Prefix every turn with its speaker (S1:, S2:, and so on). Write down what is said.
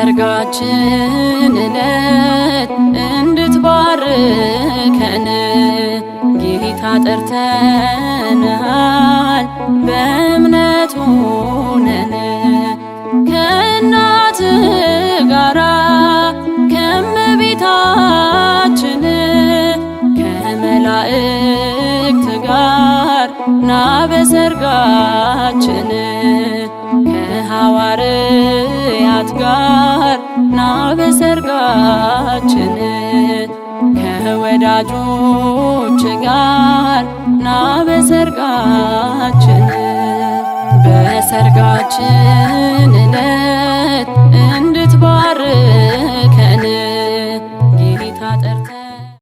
S1: በሰርጋችን ዕለት እንድትባርከን ጌታ ጠርተናል። በእምነቱ ነን ከእናት ጋራ ከመቤታችን ከመላእክት ጋር ና በሰርጋችን ከሐዋር ከዳዊት ጋር ና በሰርጋችን ከወዳጆች ጋር ና በሰርጋችን በሰርጋችን ዕለት እንድትባርከን ጌታ ጠርተ